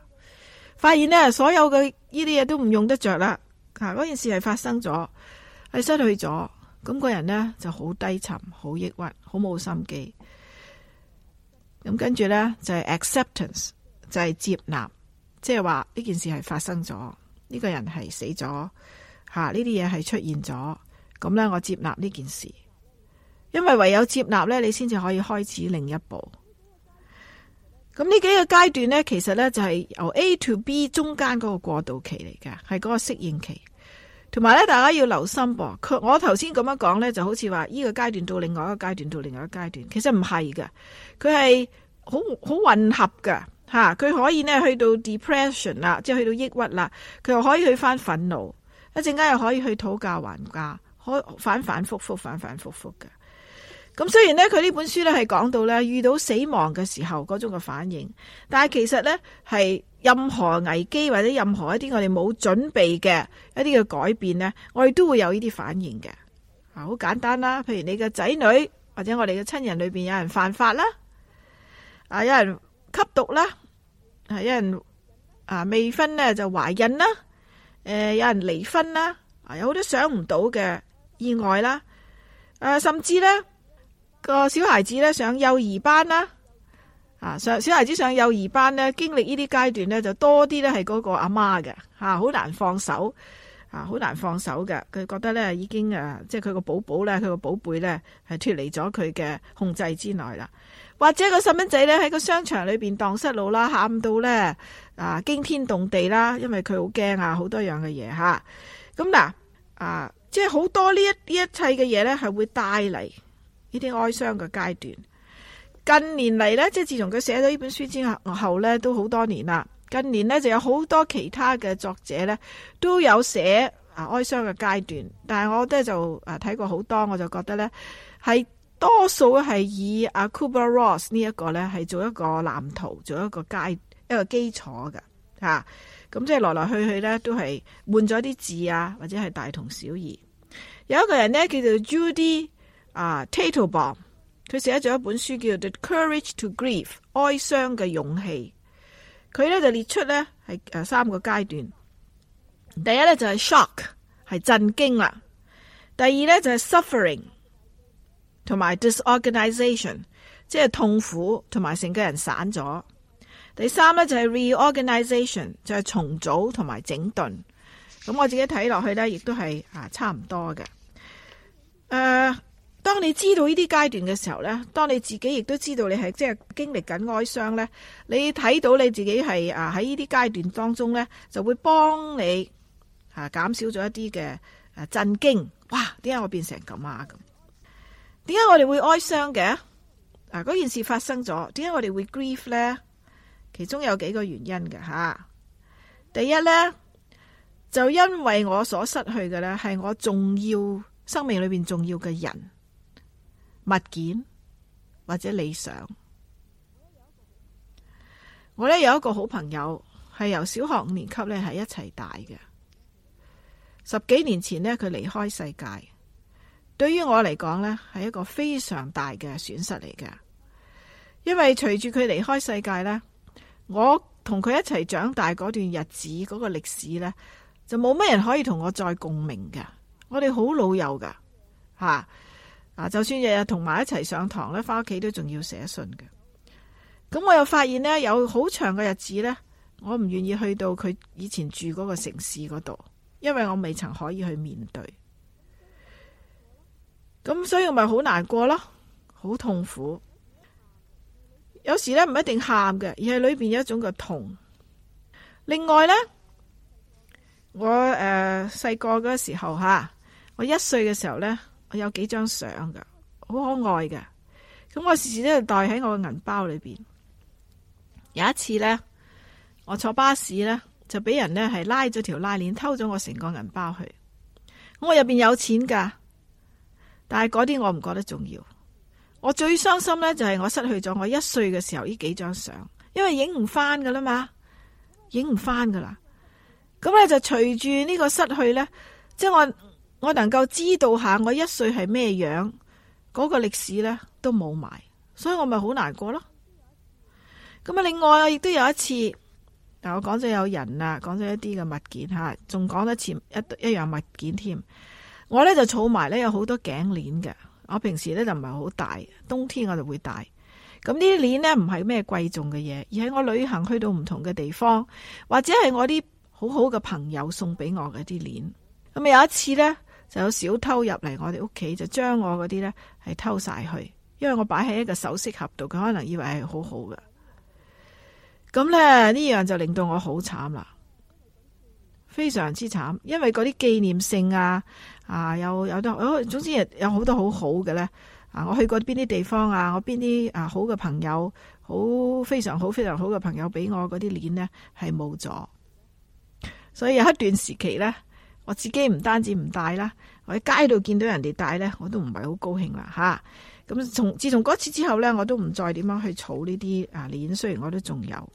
發現咧所有嘅。呢啲嘢都唔用得着啦，吓，嗰件事係發生咗，係失去咗，咁、個人呢就好低沉、好抑鬱、好冇心機。咁跟住呢，就係、係、acceptance，就係接納，即係話呢件事係發生咗，呢、呢個人係死咗，吓呢啲嘢係出現咗，咁呢，我接納呢件事，因為唯有接納呢，你先至可以開始另一步。咁呢幾個階段呢，其實呢就係由 A to B 中間嗰個過渡期嚟嘅，係嗰個適應期。同埋呢，大家要留心噃，佢我頭先咁樣講呢，就好似話呢個階段到另外一個階段到另外一個階段，其實唔係㗎。佢係好好混合㗎。吓、啊，佢可以呢去到 depression 啦，即係去到抑鬱啦，佢又可以去返憤怒，一陣間又可以去討價還價，可反反复复，反反复复嘅。咁雖然呢，佢呢本書呢係講到呢，遇到死亡嘅時候嗰種嘅反應，但係其實呢，係任何危機或者任何一啲我哋冇準備嘅一啲嘅改變呢，我哋都會有呢啲反應嘅啊。好簡單啦，譬如你嘅仔女或者我哋嘅親人裏邊有人犯法啦，啊，有人吸毒啦，係、啊、有人啊未婚呢就懷孕啦，誒、啊，有人離婚啦，啊，有好多想唔到嘅意外啦，誒、啊，甚至呢。個小孩子咧上幼兒班啦，啊上小孩子上幼兒班咧，經歷呢啲階段咧就多啲咧係嗰個阿媽嘅吓，好、啊、難放手啊，好難放手嘅。佢覺得咧已經誒、啊，即係佢個寶寶咧，佢個寶貝咧係脫離咗佢嘅控制之內啦。或者個細蚊仔咧喺個商場裏邊蕩失路啦，喊到咧啊驚天動地啦，因為佢好驚啊，好多樣嘅嘢吓。咁嗱啊，即係好多呢一呢一切嘅嘢咧，係會帶嚟，呢啲哀傷嘅階段，近年嚟呢，即係自從佢寫咗呢本書之後呢，都好多年啦。近年呢，就有好多其他嘅作者呢，都有寫啊哀傷嘅階段，但係我即係就啊睇過好多，我就覺得呢，係多數係以阿 Kubler Ross 呢一個呢，係做一個藍圖，做一個階一個基礎嘅吓，咁即係來來去去呢，都係換咗啲字啊，或者係大同小異。有一個人呢，叫做 Judy。啊、uh, Tato Bomb 佢寫咗一本書叫做《The Courage to Grieve》哀傷嘅勇氣。佢咧就列出咧係誒三個階段。第一咧就係、是、shock，係震驚啦。第二咧就係、是、suffering，同埋 disorganization，即係痛苦同埋成個人散咗。第三咧就係、是、reorganization，就係重組同埋整頓。咁我自己睇落去咧，亦都係啊差唔多嘅。誒、uh,。當你知道呢啲階段嘅時候呢，當你自己亦都知道你係即係經歷緊哀傷呢，你睇到你自己係啊喺呢啲階段當中呢，就會幫你啊減少咗一啲嘅震驚。哇，點解我變成咁啊？咁點解我哋會哀傷嘅？嗱，嗰件事發生咗，點解我哋會 grief 呢？其中有幾個原因嘅吓。第一呢，就因為我所失去嘅呢，係我重要生命裏邊重要嘅人、物件或者理想，我呢，有一個好朋友係由小學五年級呢，係一齊大嘅，十幾年前呢，佢離開世界，對於我嚟講呢，係一個非常大嘅損失嚟噶，因為隨住佢離開世界呢，我同佢一齊長大嗰段日子嗰個歷史呢，就冇乜人可以同我再共鳴噶，我哋好老友噶吓。啊啊！就算日日同埋一齊上堂咧，翻屋企都仲要寫信嘅。咁我又發現呢，有好長嘅日子呢，我唔願意去到佢以前住嗰個城市嗰度，因為我未曾可以去面對。咁所以我咪好難過咯，好痛苦。有時呢，唔一定喊嘅，而係裏邊有一種嘅痛。另外呢，我誒細個嗰個時候吓，我一歲嘅時候呢。我有幾張相噶，好可愛嘅，咁我時時都袋喺我嘅銀包裏邊。有一次呢，我坐巴士呢，就俾人呢係拉咗條拉鏈，偷咗我成個銀包去。我入邊有錢噶，但係嗰啲我唔覺得重要。我最傷心呢，就係我失去咗我一歲嘅時候呢幾張相，因為影唔翻，噶啦嘛，影唔翻噶啦。咁咧就隨住呢個失去呢，即係我。我能夠知道下我一歲係咩樣，嗰、嗰個歷史呢，都冇埋，所以我咪好難過咯。咁啊，另外亦都有一次，但我講咗有人啦，講咗一啲嘅物件吓，仲講得前一一,一樣物件添。我呢就儲埋呢有好多頸鏈嘅，我平時呢就唔係好戴，冬天我就會戴。咁呢啲鏈呢唔係咩貴重嘅嘢，而係我旅行去到唔同嘅地方，或者係我啲好好嘅朋友送俾我嘅啲鏈。咁啊有一次呢。就有小偷入嚟我哋屋企，就將我嗰啲呢係偷曬去，因為我擺喺一個首飾盒度，佢可能以為係好好嘅。咁咧呢樣就令到我好慘啦，非常之慘，因為嗰啲紀念性啊啊有有多、哦、總之有好多好好嘅呢。啊，我去過邊啲地方啊，我邊啲啊好嘅朋友，好非常好非常好嘅朋友俾我嗰啲鏈呢，係冇咗，所以有一段時期呢。我自己唔單止唔戴啦，我喺街度見到人哋戴呢，我都唔係好高興啦。吓、啊、咁從自從嗰次之後呢，我都唔再點樣去儲呢啲啊鏈。雖然我都仲有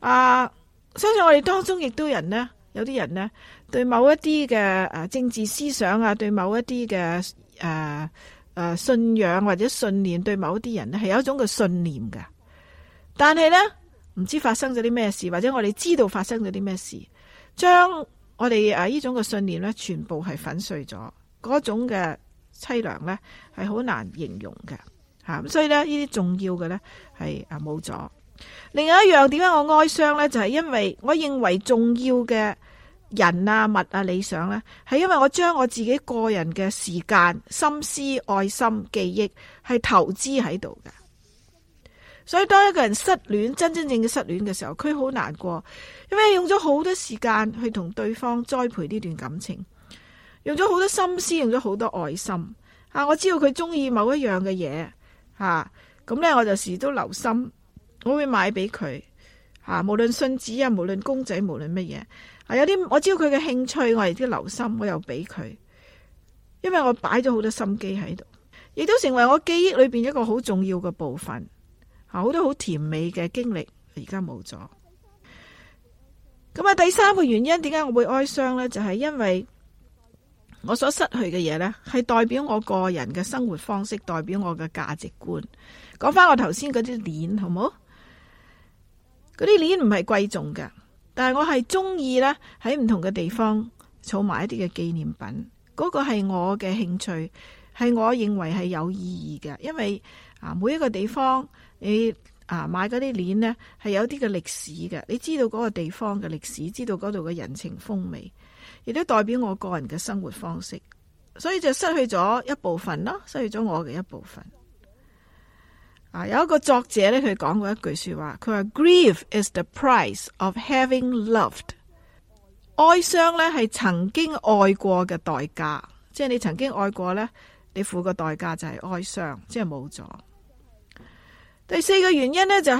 啊，相信我哋當中亦都有人呢，有啲人呢對某一啲嘅誒政治思想啊，對某一啲嘅誒誒信仰或者信念，對某一啲人呢係有一種嘅信念㗎。但係呢，唔知發生咗啲咩事，或者我哋知道發生咗啲咩事，將。我哋誒呢種嘅信念呢，全部係粉碎咗，嗰種嘅淒涼呢，係好難形容㗎吓，咁所以呢，呢啲重要嘅呢，係啊冇咗。另外一樣點解我哀傷呢？就係、是、因為我認為重要嘅人啊、物啊、理想呢，係因為我將我自己個人嘅時間、心思、愛心、記憶係投資喺度嘅。所以當一個人失戀，真真正正失戀嘅時候，佢好難過，因為用咗好多時間去同對方栽培呢段感情，用咗好多心思，用咗好多愛心。啊，我知道佢中意某一樣嘅嘢，吓，咁呢我就時都留心，我會買俾佢，吓，無論信紙啊，無論公仔，無論乜嘢，啊，有啲我知道佢嘅興趣，我亦都留心，我又俾佢，因為我擺咗好多心機喺度，亦都成為我記憶裏邊一個好重要嘅部分。好多好甜美嘅經歷，而家冇咗。咁啊，第三個原因點解我會哀傷呢？就係因為我所失去嘅嘢呢，係代表我個人嘅生活方式，代表我嘅價值觀。講翻我頭先嗰啲鏈，好冇？嗰啲鏈唔係貴重嘅，但係我係中意呢，喺唔同嘅地方儲埋一啲嘅紀念品。嗰個係我嘅興趣，係我認為係有意義嘅，因為。啊！每一個地方你，你啊買嗰啲鏈呢，係有啲嘅歷史嘅。你知道嗰個地方嘅歷史，知道嗰度嘅人情風味，亦都代表我個人嘅生活方式。所以就失去咗一部分咯，失去咗我嘅一部分。啊！有一個作者呢，佢講過一句說話，佢話：Grief is the price of having loved。哀傷呢係曾經愛過嘅代價，即係你曾經愛過呢，你付個代價就係哀傷，即係冇咗。第四個原因呢、就係，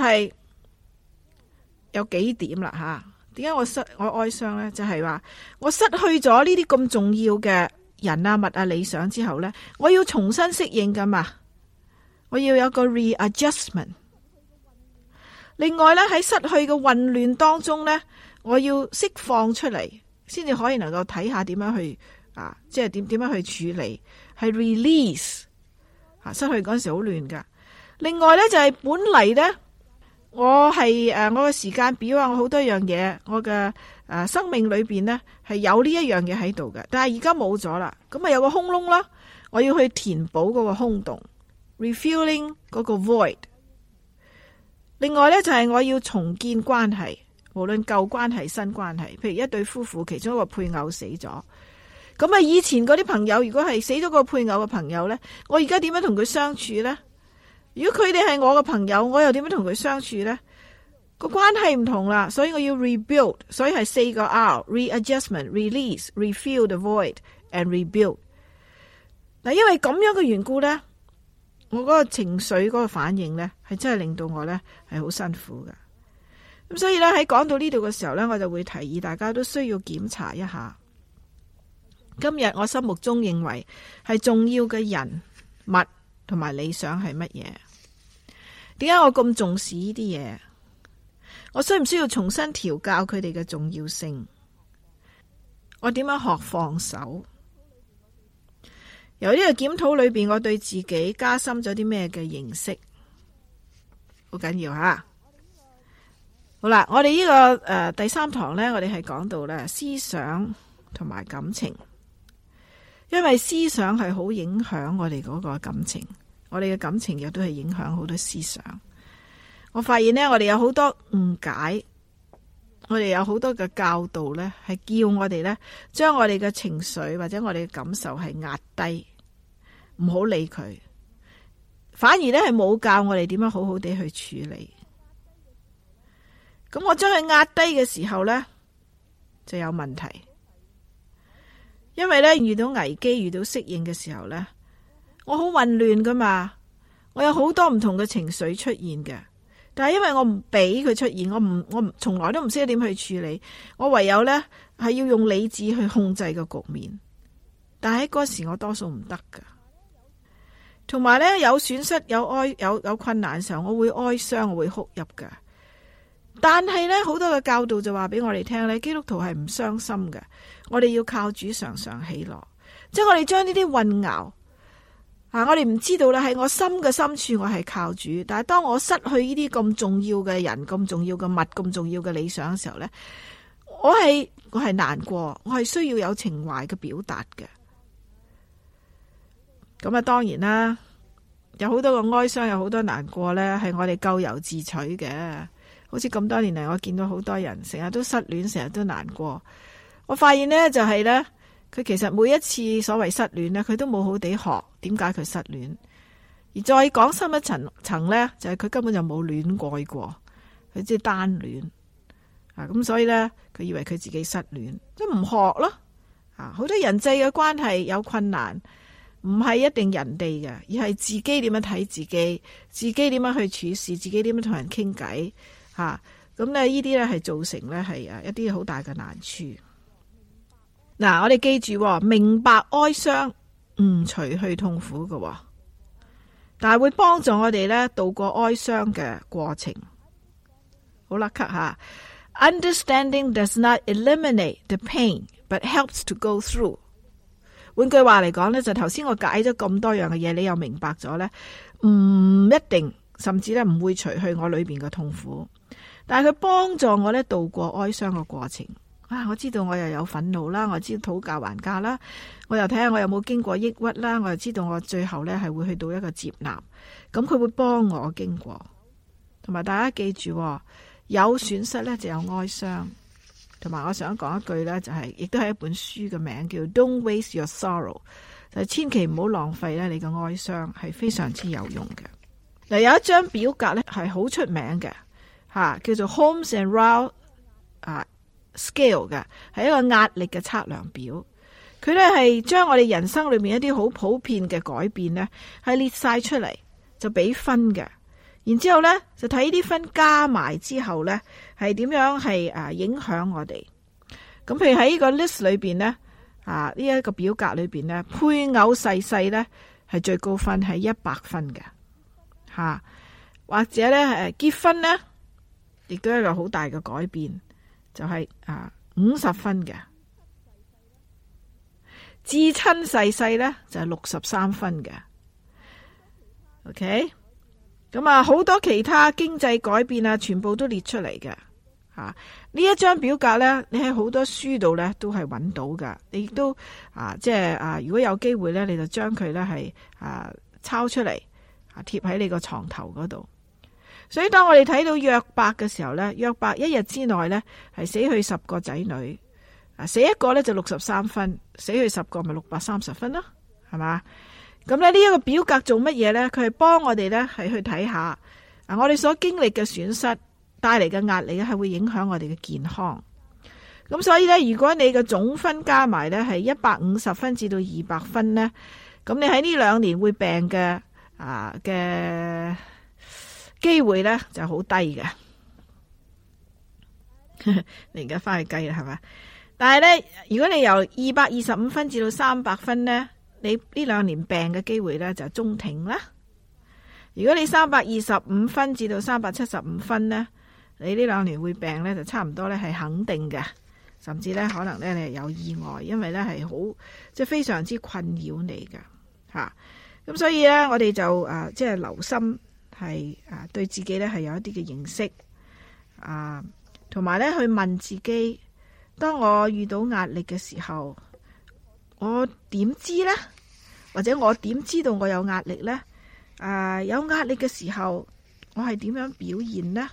就係有幾點啦吓？點解我失我哀傷呢？就係、是、話我失去咗呢啲咁重要嘅人啊物啊理想之後呢，我要重新適應噶嘛？我要有個 re-adjustment。另外呢，喺失去嘅混亂當中呢，我要釋放出嚟，先至可以能夠睇下點樣去啊，即係點點樣去處理，係 release。啊，失去嗰陣時好亂噶。另外呢，就係、是、本嚟呢，我係誒我嘅時間表啊，我好多樣嘢，我嘅誒、呃、生命裏邊呢，係有呢一樣嘢喺度嘅，但係而家冇咗啦，咁咪有個空窿囉。我要去填補嗰個空洞，refilling 嗰個 void。另外呢，就係、是、我要重建關係，無論舊關係、新關係，譬如一對夫婦其中一個配偶死咗，咁啊以前嗰啲朋友，如果係死咗個配偶嘅朋友呢，我而家點樣同佢相處呢？如果佢哋係我嘅朋友，我又點樣同佢相處呢？個關係唔同啦，所以我要 rebuild，所以係四個 R：re-adjustment，release，refill the void and rebuild。嗱，因為咁樣嘅緣故呢，我嗰個情緒嗰個反應呢，係真係令到我呢係好辛苦噶。咁所以呢，喺講到呢度嘅時候呢，我就會提議大家都需要檢查一下。今日我心目中認為係重要嘅人物。同埋理想係乜嘢？點解我咁重視呢啲嘢？我需唔需要重新調教佢哋嘅重要性？我點樣學放手？由呢個檢討裏邊，我對自己加深咗啲咩嘅認識？好緊要吓！好啦，我哋呢、這個誒、呃、第三堂呢，我哋係講到咧思想同埋感情。因為思想係好影響我哋嗰個感情，我哋嘅感情亦都係影響好多思想。我發現呢，我哋有好多誤解，我哋有好多嘅教導呢，係叫我哋呢將我哋嘅情緒或者我哋嘅感受係壓低，唔好理佢，反而呢係冇教我哋點樣好好地去處理。咁我將佢壓低嘅時候呢，就有問題。因為咧遇到危機，遇到適應嘅時候呢，我好混亂噶嘛，我有好多唔同嘅情緒出現嘅，但係因為我唔俾佢出現，我唔我唔從來都唔識得點去處理，我唯有呢係要用理智去控制個局面，但係喺嗰時我多數唔得噶，同埋呢，有損失，有哀，有有困難時候，我會哀傷，我會哭泣噶，但係呢，好多嘅教導就話俾我哋聽呢，基督徒係唔傷心嘅。我哋要靠主，常常喜樂。即係我哋將呢啲混淆啊！我哋唔知道咧，喺我心嘅深處，我係靠主。但係當我失去呢啲咁重要嘅人、咁重要嘅物、咁重要嘅理想嘅時候呢，我係我係難過，我係需要有情懷嘅表達嘅。咁啊，當然啦，有好多嘅哀傷，有好多難過呢，係我哋咎由自取嘅。好似咁多年嚟，我見到好多人成日都失戀，成日都難過。我發現呢，就係呢，佢其實每一次所謂失戀咧，佢都冇好地學點解佢失戀。而再講深一層層呢，就係佢根本就冇戀愛過，佢即係單戀啊，咁所以呢，佢以為佢自己失戀，即唔學咯啊。好多人際嘅關係有困難，唔係一定人哋嘅，而係自己點樣睇自己，自己點樣去處事，自己點樣同人傾偈吓。咁呢，呢啲呢係造成呢係一啲好大嘅難處。嗱，我哋記住、哦、明白哀傷唔除、嗯、去痛苦嘅、哦，但係會幫助我哋咧度過哀傷嘅過程。好啦咳下 understanding does not eliminate the pain, but helps to go through。換句話嚟講咧，就頭先我解咗咁多樣嘅嘢，你又明白咗咧，唔、嗯、一定，甚至咧唔會除去我裏邊嘅痛苦，但係佢幫助我咧度過哀傷嘅過程。啊！我知道我又有憤怒啦，我知道討價還價啦，我又睇下我有冇經過抑鬱啦，我又知道我最後呢係會去到一個接納，咁佢會幫我經過。同埋大家記住，有損失呢就有哀傷。同埋我想講一句呢、就係，就係亦都係一本書嘅名叫《Don’t Waste Your Sorrow》，就係、千祈唔好浪費咧你嘅哀傷，係非常之有用嘅。嗱、啊、有一張表格呢係好出名嘅，吓、啊、叫做 Homes and Round 啊。scale 嘅係一個壓力嘅測量表，佢呢係將我哋人生裏面一啲好普遍嘅改變咧，係列晒出嚟就俾分嘅。然之後咧就睇啲分加埋之後呢，係點樣係誒影響我哋。咁譬如喺呢個 list 裏邊呢，啊呢一、這個表格裏邊呢，配偶逝世呢，係最高分係一百分嘅吓、啊，或者呢，誒結婚呢，亦都係一個好大嘅改變。就係、是、啊五十分嘅至親逝世呢就係六十三分嘅，OK，咁啊好多其他經濟改變啊全部都列出嚟嘅吓呢一張表格呢，你喺好多書度呢都係揾到㗎你亦都啊即係、就是、啊如果有機會呢，你就將佢呢係啊抄出嚟啊貼喺你個床頭嗰度。所以當我哋睇到約伯嘅時候呢，約伯一日之內呢係死去十個仔女，啊死一個呢就六十三分，死去十個咪六百三十分囉，係嘛？咁呢呢一個表格做乜嘢呢？佢係幫我哋呢，係去睇下，啊我哋所經歷嘅損失帶嚟嘅壓力係會影響我哋嘅健康。咁所以呢，如果你嘅總分加埋呢係一百五十分至到二百分呢，咁你喺呢兩年會病嘅啊嘅。機會呢就好低嘅， 你而家翻去計啦，係嘛？但係呢，如果你由二百二十五分至到三百分呢，你呢兩年病嘅機會呢就中停啦。如果你三百二十五分至到三百七十五分呢，你呢兩年會病呢就差唔多呢係肯定嘅，甚至呢可能呢你有意外，因為呢係好即係非常之困擾你嘅吓。咁、啊、所以呢，我哋就即係、啊即係、留心。係啊，對自己咧係有一啲嘅認識啊，同埋咧去問自己，當我遇到壓力嘅時候，我點知呢？或者我點知道我有壓力呢？啊，有壓力嘅時候，我係點樣表現呢？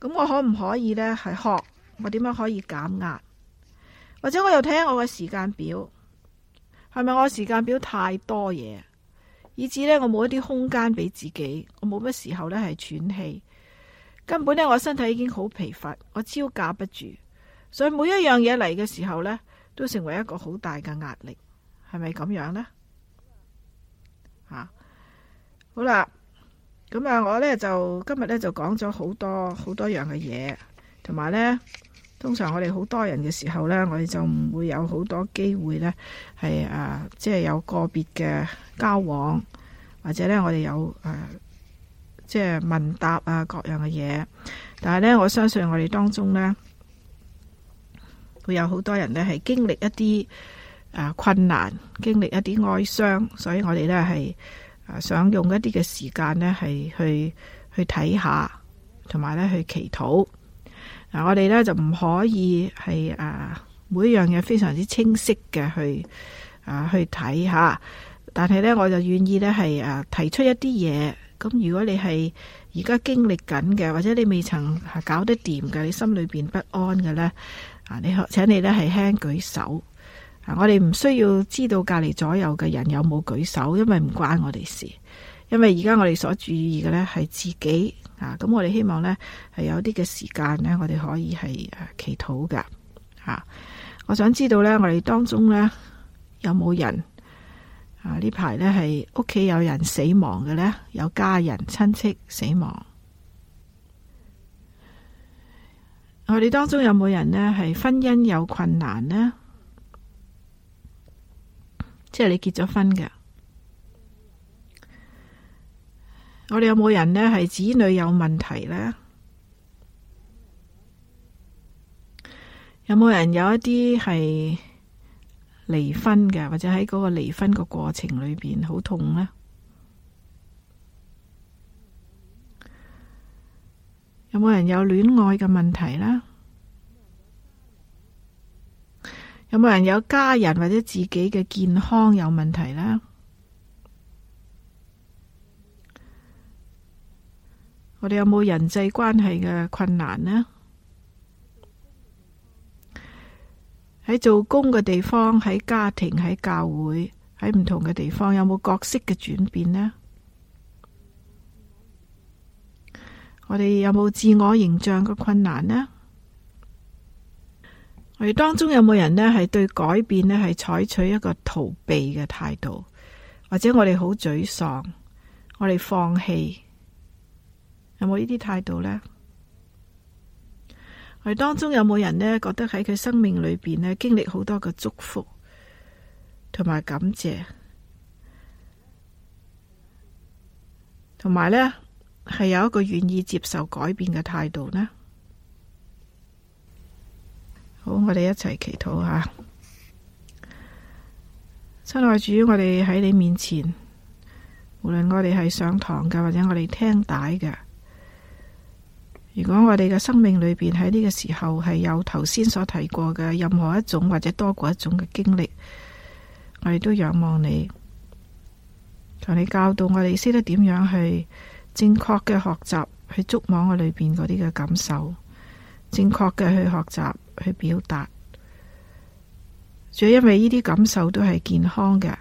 咁我可唔可以呢學？係學我點樣可以減壓？或者我又睇我嘅時間表，係咪我的時間表太多嘢？以至呢，我冇一啲空間俾自己，我冇乜時候呢係喘氣，根本呢，我身體已經好疲乏，我招架不住，所以每一樣嘢嚟嘅時候呢，都成為一個好大嘅壓力，係咪咁樣呢？啊，好啦，咁啊，我呢就今日呢，就講咗好多好多樣嘅嘢，同埋呢。通常我哋好多人嘅時候呢，我哋就唔會有好多機會呢，係誒，即係有個別嘅交往，或者呢，我哋有誒，即係問答啊各樣嘅嘢。但係呢，我相信我哋當中呢，會有好多人呢係經歷一啲困難，經歷一啲哀傷，所以我哋呢係想用一啲嘅時間呢，係去去睇下，同埋呢去祈禱。嗱、啊，我哋咧就唔可以係啊，每一樣嘢非常之清晰嘅去啊去睇吓。但係咧，我就願意咧係啊，提出一啲嘢。咁如果你係而家經歷緊嘅，或者你未曾係搞得掂嘅，你心裏邊不安嘅咧，啊，你請你咧係輕舉手。啊，我哋唔需要知道隔籬左右嘅人有冇舉手，因為唔關我哋事。因為而家我哋所注意嘅咧係自己。啊，咁我哋希望咧係有啲嘅時間咧，我哋可以係祈禱噶。啊，我想知道咧，我哋當中咧有冇人啊呢排咧係屋企有人死亡嘅咧，有家人親戚死亡。我哋當中有冇人咧係婚姻有困難咧？即係你結咗婚㗎。我哋有冇人咧係子女有問題呢？有冇人有一啲係離婚嘅，或者喺嗰個離婚嘅過程裏邊好痛呢？有冇人有戀愛嘅問題呢？有冇人有家人或者自己嘅健康有問題呢？我哋有冇人際關係嘅困難呢？喺做工嘅地方，喺家庭，喺教會，喺唔同嘅地方，有冇角色嘅轉變呢？我哋有冇自我形象嘅困難呢？我哋當中有冇人呢係對改變呢係採取一個逃避嘅態度，或者我哋好沮喪，我哋放棄。有冇呢啲態度呢？當中有冇人呢，覺得喺佢生命裏邊呢，經歷好多個祝福同埋感謝，同埋呢係有一個願意接受改變嘅態度呢？好，我哋一齊祈禱下，親愛的主，我哋喺你面前，無論我哋係上堂嘅，或者我哋聽帶嘅。如果我哋嘅生命裏邊喺呢個時候係有頭先所提過嘅任何一種或者多過一種嘅經歷，我哋都仰望你，同你教導我哋識得點樣去正確嘅學習去捉摸我裏邊嗰啲嘅感受，正確嘅去學習去表達，仲要因為呢啲感受都係健康嘅，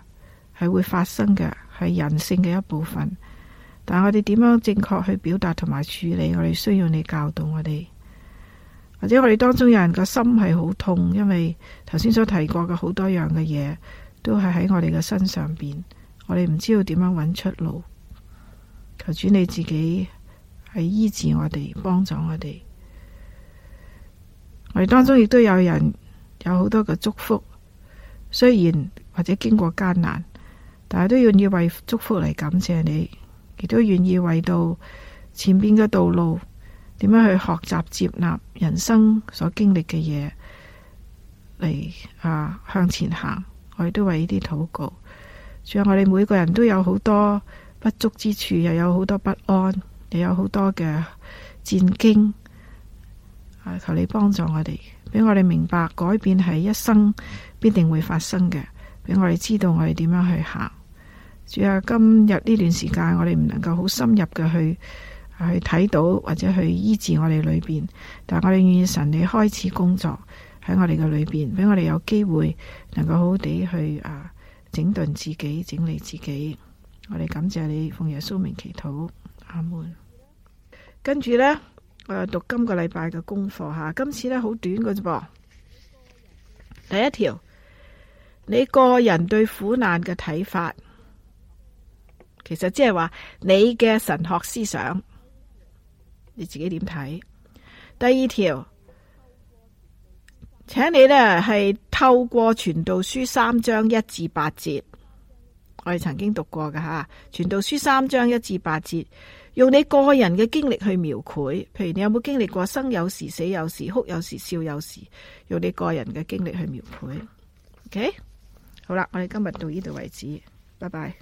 係會發生嘅，係人性嘅一部分。但我哋點樣正確去表達同埋處理，我哋需要你教導我哋。或者我哋當中有人個心係好痛，因為頭先所提過嘅好多樣嘅嘢，都係喺我哋嘅身上邊。我哋唔知道點樣揾出路。求主你自己係醫治我哋，幫助我哋。我哋當中亦都有人有好多嘅祝福，雖然或者經過艱難，但係都願意為祝福嚟感謝你。亦都願意為到前邊嘅道路點樣去學習接納人生所經歷嘅嘢嚟啊向前行，我亦都為呢啲禱告。仲有我哋每個人都有好多不足之處，又有好多不安，又有好多嘅戰兢，啊，求你幫助我哋，俾我哋明白改變係一生必定會發生嘅，俾我哋知道我哋點樣去行。主啊，今日呢段時間我哋唔能夠好深入嘅去去睇到或者去醫治我哋裏邊，但係我哋願意神你開始工作喺我哋嘅裏邊，俾我哋有機會能夠好好地去啊整頓自己、整理自己。我哋感謝你，奉耶穌名祈禱，阿門。跟住呢，我又讀今個禮拜嘅功課吓，今次呢，好短嘅啫噃。第一條，你個人對苦難嘅睇法。其實即係話你嘅神學思想，你自己點睇？第二條，請你呢係透過傳道書三章一至八節，我哋曾經讀過㗎吓，傳道書三章一至八節，用你個人嘅經歷去描繪，譬如你有冇經歷過生有時、死有時、哭有時、笑有時，用你個人嘅經歷去描繪。OK，好啦，我哋今日到呢度為止，拜拜。